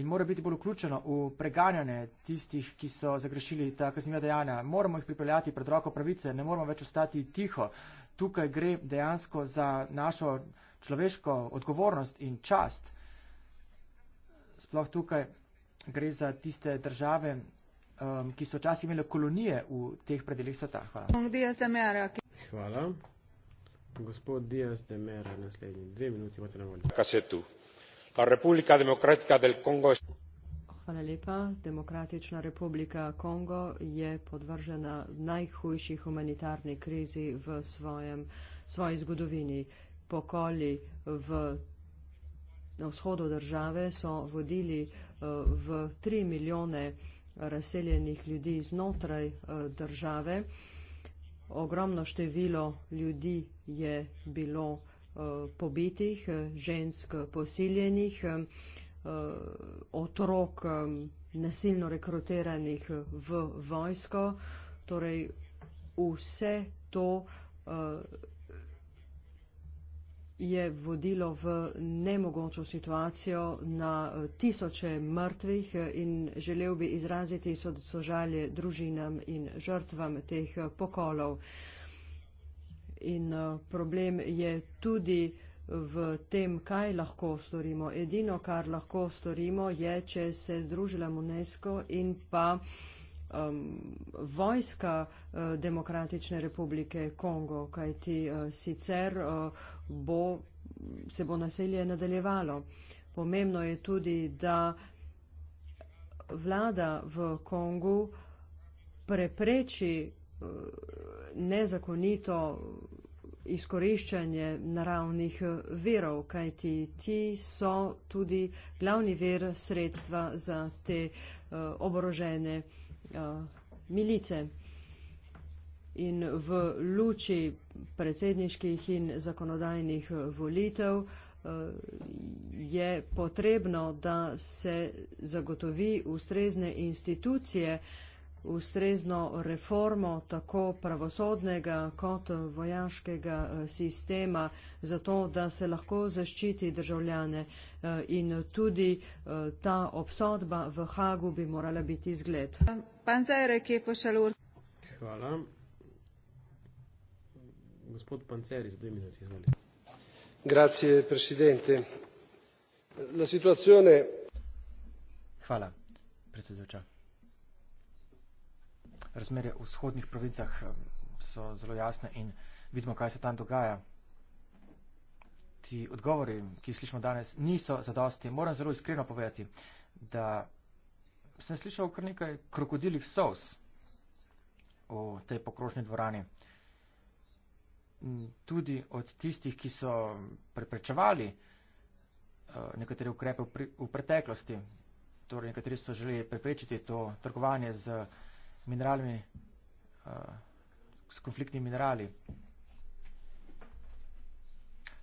in mora biti bolj vključeno v preganjanje tistih, ki so zagrešili ta kaznjiva dejanja. Moramo jih pripeljati pred roko pravice, ne moramo več ostati tiho. Tukaj gre dejansko za našo človeško odgovornost in čast sploh tukaj gre za tiste države, um, ki so včasih imele kolonije v teh predeljih sveta. Hvala. Hvala. Gospod Dias de Mera, naslednji dve minuti imate na voljo. Kaj se tu? La Republika Demokratika del Kongo. Hvala lepa. Demokratična republika Kongo je podvržena najhujši humanitarni krizi v svojem, svoji zgodovini. Pokoli v na vzhodu države so vodili eh, v tri milijone razseljenih ljudi znotraj eh, države. Ogromno število ljudi je bilo eh, pobitih, žensk posiljenih, otrok nasilno rekruteranih v vojsko. Torej, vse to je vodilo v nemogočo situacijo na eh, tisoče mrtvih eh, in želel bi izraziti sožalje družinam in žrtvam teh eh, pokolov. In problem je tudi v tem, kaj lahko storimo. Edino, kar lahko storimo, je, če se združila UNESCO in pa uh, um, vojska uh, Demokratične republike Kongo, kajti uh, sicer uh, bo, se bo naselje nadaljevalo. Pomembno je tudi, da vlada v Kongu prepreči uh, nezakonito izkoriščanje naravnih uh, verov, kajti ti so tudi glavni ver sredstva za te uh, oborožene uh, Eh, milice. In v luči predsedniških in zakonodajnih volitev eh, je potrebno, da se zagotovi ustrezne institucije, ustrezno reformo tako pravosodnega kot vojaškega eh, sistema, zato da se lahko zaščiti državljane in tudi ta obsodba v Hagu bi morala biti zgled. Panzere, képviselő úr. Hvala. Gospod Panzeri, za dve minuti, izvolite. Grazie, presidente. La situazione... Hvala, predsedujoča. Razmere v vzhodnih provincah eh, so zelo jasne in vidimo, kaj se tam dogaja. Ti odgovori, ki jih slišimo danes, niso zadosti. Moram zelo iskreno povedati, da sem slišal kar nekaj krokodilih sos v tej pokrožni dvorani. Mm, tudi od tistih, ki so preprečevali eh, nekatere ukrepe v, pri, v preteklosti, torej nekateri so želeli preprečiti to trgovanje z mineralmi, eh, s konfliktnimi minerali.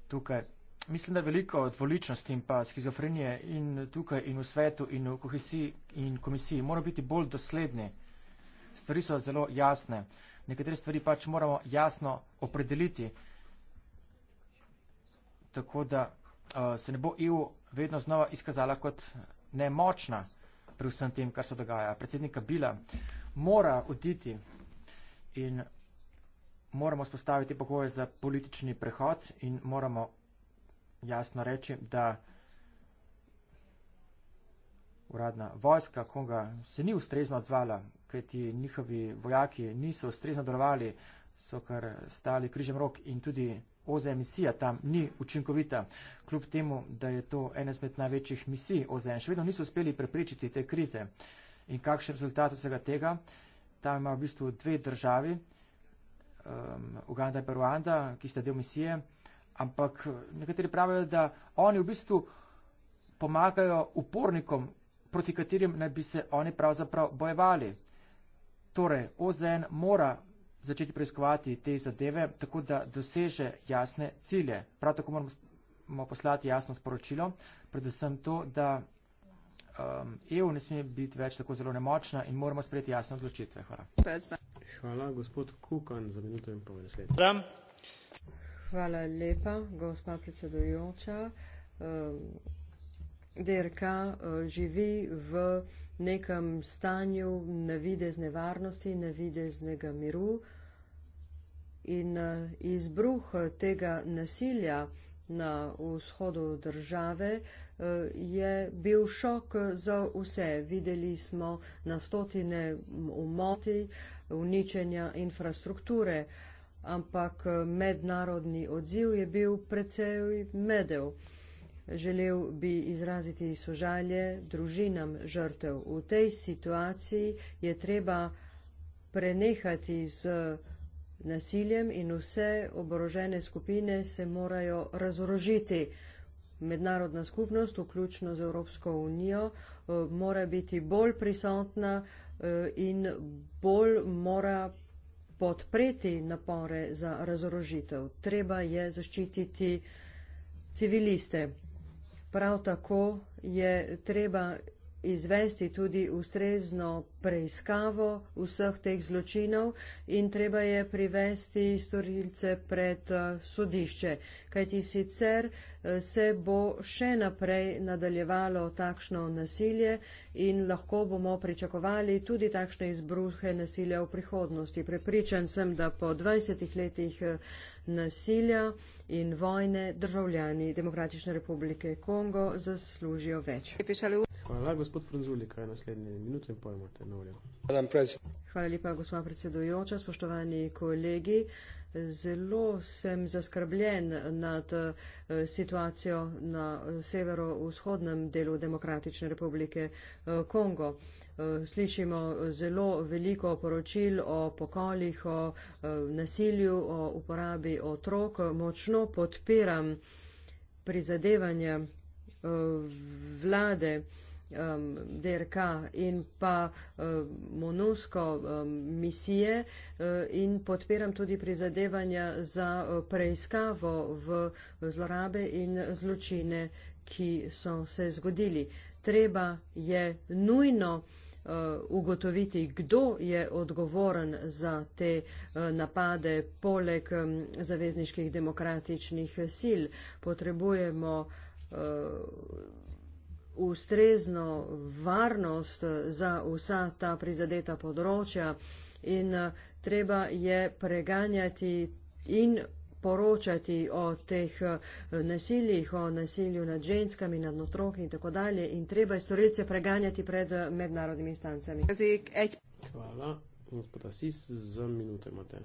Tukaj mislim, da veliko odvoličnosti in pa skizofrenije in tukaj in v svetu in v kohesiji in komisiji mora biti bolj dosledni. Stvari so zelo jasne. Nekatere stvari pač moramo jasno opredeliti, tako da uh, se ne bo EU vedno znova izkazala kot nemočna pri vsem tem, kar se dogaja. Predsednika Bila mora oditi in moramo spostaviti pogoje za politični prehod in moramo jasno reči, da uradna vojska Konga se ni ustrezno odzvala, ker ti njihovi vojaki niso ustrezno delovali, so kar stali križem rok in tudi OZE misija tam ni učinkovita. Kljub temu, da je to ena izmed največjih misij OZE, še vedno niso uspeli prepričati te krize. In kakšen rezultat vsega tega? Tam ima v bistvu dve državi, um, Uganda in Ruanda, ki sta del misije. Ampak eh, nekateri pravijo, da oni v bistvu pomagajo upornikom, proti katerim naj bi se oni pravzaprav bojevali. Torej, OZN mora začeti preiskovati te zadeve, tako da doseže jasne cilje. Prav tako moramo poslati jasno sporočilo, predvsem to, da um, ehm, EU ne sme biti več tako zelo nemočna in moramo sprejeti jasne odločitve. Hvala. Hvala, gospod Kukan, za minuto in pol naslednje. Hvala lepa, gospa predsedujoča. DRK e, živi v nekem stanju navidezne varnosti, navideznega miru in e, izbruh tega nasilja na vzhodu države e, je bil šok za vse. Videli smo na stotine umoti, uničenja infrastrukture ampak eh, mednarodni odziv je bil precej medel. Želel bi izraziti sožalje družinam žrtev. V tej situaciji je treba prenehati z eh, nasiljem in vse oborožene skupine se morajo razorožiti. Mednarodna skupnost, vključno z Evropsko unijo, eh, mora biti bolj prisotna in bolj mora podpreti napore za razorožitev. Treba je zaščititi civiliste. Prav tako je treba izvesti tudi ustrezno preiskavo vseh teh zločinov in treba je privesti storilce pred eh, sodišče kajti sicer eh, se bo še naprej nadaljevalo takšno nasilje in lahko bomo pričakovali tudi takšne izbruhe nasilja v prihodnosti. Prepričan sem, da po 20 letih eh, nasilja in vojne državljani Demokratične republike Kongo zaslužijo več. Hvala, gospod Franzuli, kaj naslednje minute in pojmo te na voljo. Hvala lepa, gospod predsedujoča, spoštovani kolegi. Zelo sem zaskrbljen nad eh, situacijo na eh, severovzhodnem delu Demokratične republike eh, Kongo. Slišimo zelo veliko poročil o pokolih, o nasilju, o uporabi otrok. Močno podpiram prizadevanje vlade um, DRK in pa um, MONUSKO um, misije um, in podpiram tudi prizadevanja za uh, preiskavo v zlorabe in zločine, ki so se zgodili. Treba je nujno uh, ugotoviti, kdo je odgovoren za te napade poleg um, zavezniških demokratičnih sil. Potrebujemo ustrezno varnost za vsa ta prizadeta področja in eh, treba je preganjati in poročati o teh eh, nasiljih, o nasilju nad ženskami, nad otroki in tako dalje in treba je storilce preganjati pred eh, mednarodnimi instancami. Hvala, gospod Asis, za minute imate.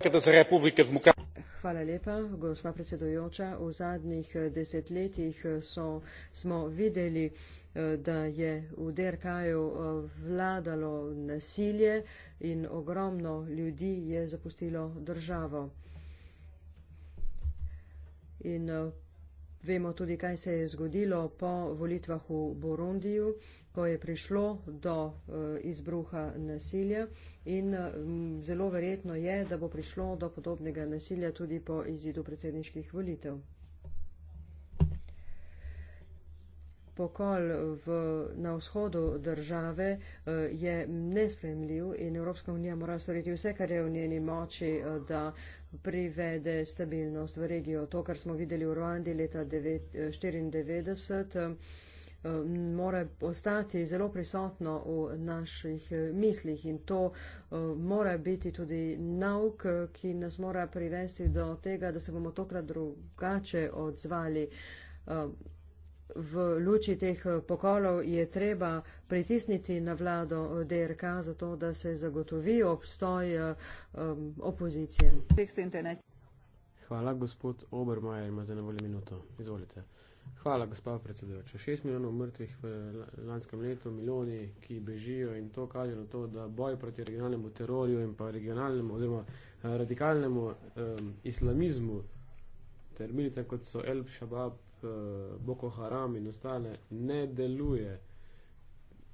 Hvala lepa, gospa predsedujoča. V zadnjih desetletjih eh, so, smo videli, eh, da je v DRK-ju eh, vladalo nasilje in ogromno ljudi je zapustilo državo. In Vemo tudi, kaj se je zgodilo po volitvah v Burundiju, ko je prišlo do eh, izbruha nasilja in mm, zelo verjetno je, da bo prišlo do podobnega nasilja tudi po izidu predsedniških volitev. Pokol v, na vzhodu države eh, je nespremljiv in Evropska unija mora storiti vse, kar je v njeni moči, eh, da privede stabilnost v regijo. To, kar smo videli v Ruandi leta 1994, eh, eh, mora ostati zelo prisotno v naših eh, mislih in to mora biti tudi nauk, ki nas mora privesti do tega, da se bomo tokrat drugače odzvali v luči teh eh, pokolov je treba pritisniti na vlado eh, DRK za to, da se zagotovi obstoj um, opozicije. Hvala, gospod Obermajer, ima za navoljo minuto. Izvolite. Hvala, gospod predsedujoča. Šest milijonov mrtvih v lanskem letu, milijoni, ki bežijo in to kaže na to, da boj proti regionalnemu terorju in pa regionalnemu oziroma radikalnemu um, islamizmu, ter milice kot so El Shabaab, Eh, Boko Haram in ostale ne deluje.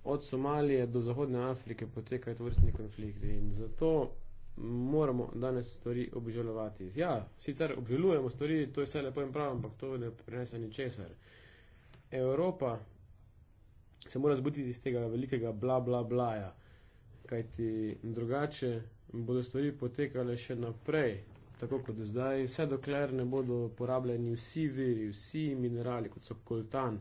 Od Somalije do Zahodne Afrike potekajo vrstni konflikti in zato moramo danes stvari obžalovati. Ja, sicer obžalujemo stvari, to je vse lepo in prav, ampak to ne prinese ničesar. Evropa se mora zbuditi iz tega velikega bla bla blaja, kajti drugače bodo stvari potekale še naprej tako kot zdaj, vse dokler ne bodo porabljeni vsi viri, vsi minerali, kot so koltan.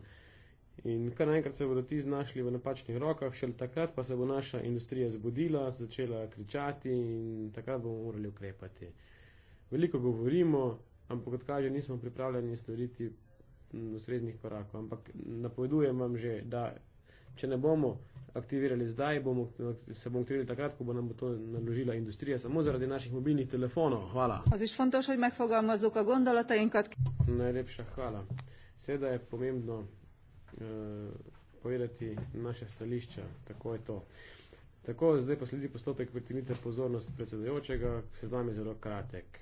In kar naenkrat se bodo ti znašli v napačnih rokah, šele takrat pa se bo naša industrija zbudila, začela kričati in takrat bomo morali ukrepati. Veliko govorimo, ampak kot kaže, nismo pripravljeni storiti ustreznih korakov. Ampak napovedujem vam že, da če ne bomo aktivirali zdaj, bomo, se bomo aktivirali takrat, ko bo nam bo to naložila industrija samo zaradi naših mobilnih telefonov. Hvala. Najlepša hvala. Seveda je pomembno eh, povedati naše stališča, tako je to. Tako, zdaj pa sledi postopek, pritimite pozornost predsedajočega, se z nami zelo kratek.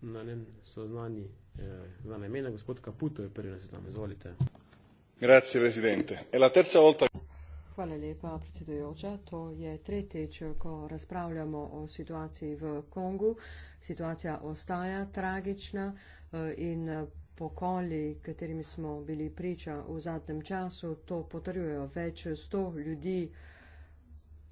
Na njem so znani, eh, znane imena, gospod Kaputo je prvi na seznamu, izvolite gospod predsednik je la terza volta. hvala lepa predsedujoča to je tretjič ko razpravljamo o situaciji v kongu situacija ostaja tragična eh, in eh, pokoli katerimi smo bili priča v zadnjem času to potrjujejo več sto ljudi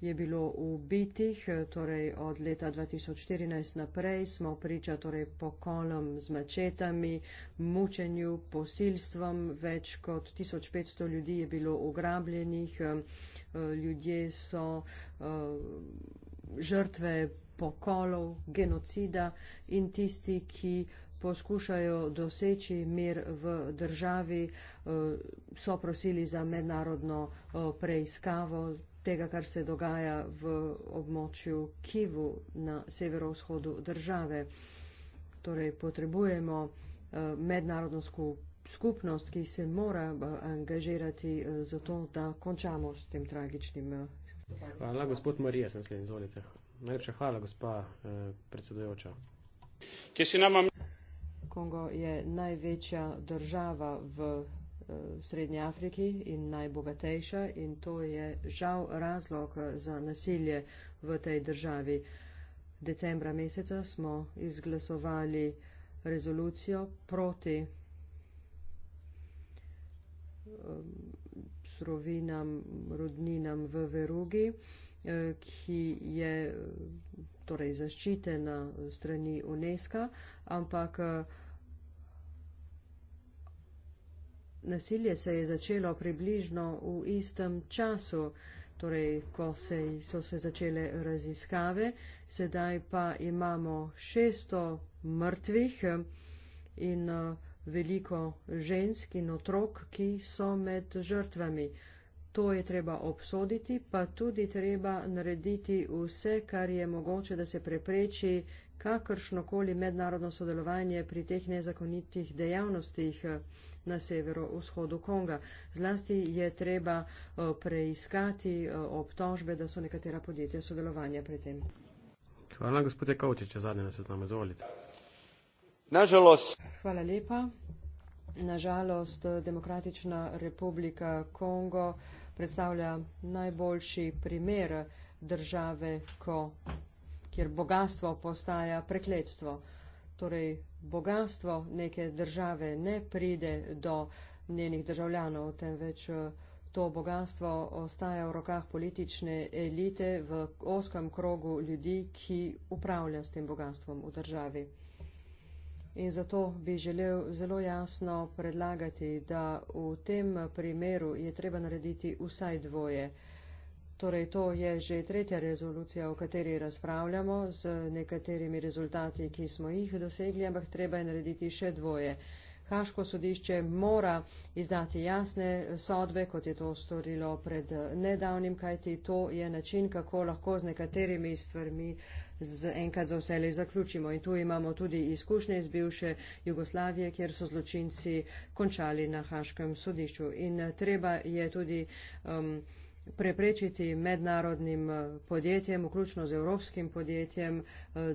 je bilo ubitih, torej od leta 2014 naprej smo priča torej pokolom z mačetami, mučenju, posilstvom, več kot 1500 ljudi je bilo ugrabljenih, ljudje so žrtve pokolov, genocida in tisti, ki poskušajo doseči mir v državi, so prosili za mednarodno preiskavo, tega, kar se dogaja v območju Kivu na severovzhodu države. Torej, potrebujemo eh, mednarodno skupnost, ki se mora eh, angažirati eh, za to, da končamo s tem tragičnim. Hvala, gospod Marija, sem sledil, izvolite. Najlepša hvala, gospa predsedojoča. Kongo je največja država v v eh, Srednji Afriki in najbogatejša in to je žal razlog za nasilje v tej državi. Decembra meseca smo izglasovali rezolucijo proti eh, surovinam, rudninam v verugi, eh, ki je torej zaščitena strani UNESCO, ampak Nasilje se je začelo približno v istem času, torej, ko se, so se začele raziskave, sedaj pa imamo 600 mrtvih in veliko žensk in otrok, ki so med žrtvami. To je treba obsoditi, pa tudi treba narediti vse, kar je mogoče, da se prepreči kakršnokoli mednarodno sodelovanje pri teh nezakonitih dejavnostih na severovzhodu Konga. Zlasti je treba eh, preiskati eh, obtožbe, da so nekatera podjetja sodelovanja pri tem. Hvala, gospodje Kovčič, zadnje, da se z nami zvolite. Nažalost. Hvala lepa. Nažalost, eh, Demokratična republika Kongo predstavlja najboljši primer države, ko, kjer bogatstvo postaja prekletstvo. Torej, bogatstvo neke države ne pride do njenih državljanov, temveč eh, to bogatstvo ostaja v rokah politične elite v oskem krogu ljudi, ki upravlja s tem bogatstvom v državi. In zato bi želel zelo jasno predlagati, da v tem primeru je treba narediti vsaj dvoje. Torej, to je že tretja rezolucija, o kateri razpravljamo, z nekaterimi rezultati, ki smo jih dosegli, ampak treba je narediti še dvoje. Haško sodišče mora izdati jasne sodbe, kot je to storilo pred nedavnim, kajti to je način, kako lahko z nekaterimi stvarmi z enkrat za vse le zaključimo. In tu imamo tudi izkušnje iz bivše Jugoslavije, kjer so zločinci končali na Haškem sodišču. In treba je tudi. Um, preprečiti mednarodnim eh, podjetjem, vključno z evropskim podjetjem, eh,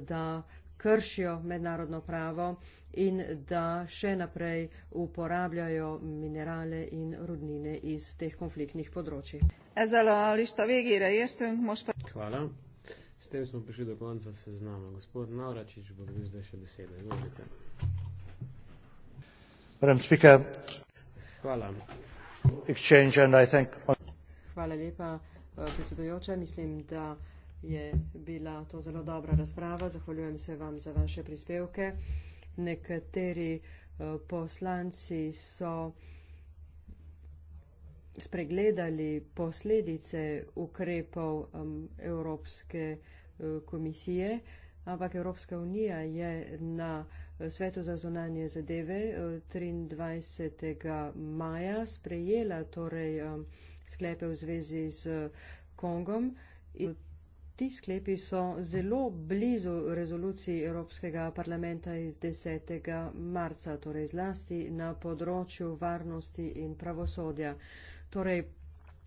da kršijo mednarodno pravo in da še naprej uporabljajo minerale in rudnine iz teh konfliktnih področji. Hvala. S tem smo prišli do konca seznama. Gospod Navračič bo dobil zdaj še besede. Izvolite. Hvala. Exchange and I think on Hvala lepa, eh, predsedojoča. Mislim, da je bila to zelo dobra razprava. Zahvaljujem se vam za vaše prispevke. Nekateri eh, poslanci so spregledali posledice ukrepov Evropske eh, komisije, ampak Evropska unija je na Svetu za zunanje zadeve 23. maja sprejela torej um, sklepe v zvezi s Kongom. In ti sklepi so zelo blizu rezoluciji Evropskega parlamenta iz 10. marca, torej zlasti na področju varnosti in pravosodja. Torej,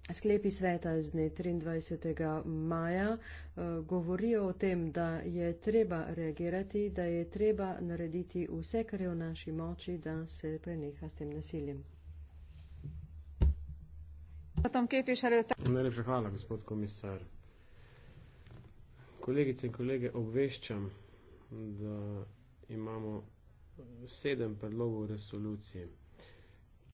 Sklepi sveta z dne 23. maja eh, govorijo o tem, da je treba reagirati, da je treba narediti vse, kar je v naši moči, da se preneha s tem nasiljem. Tom Najlepša hvala, gospod komisar. Kolegice in kolege, obveščam, da imamo sedem predlogov resolucije.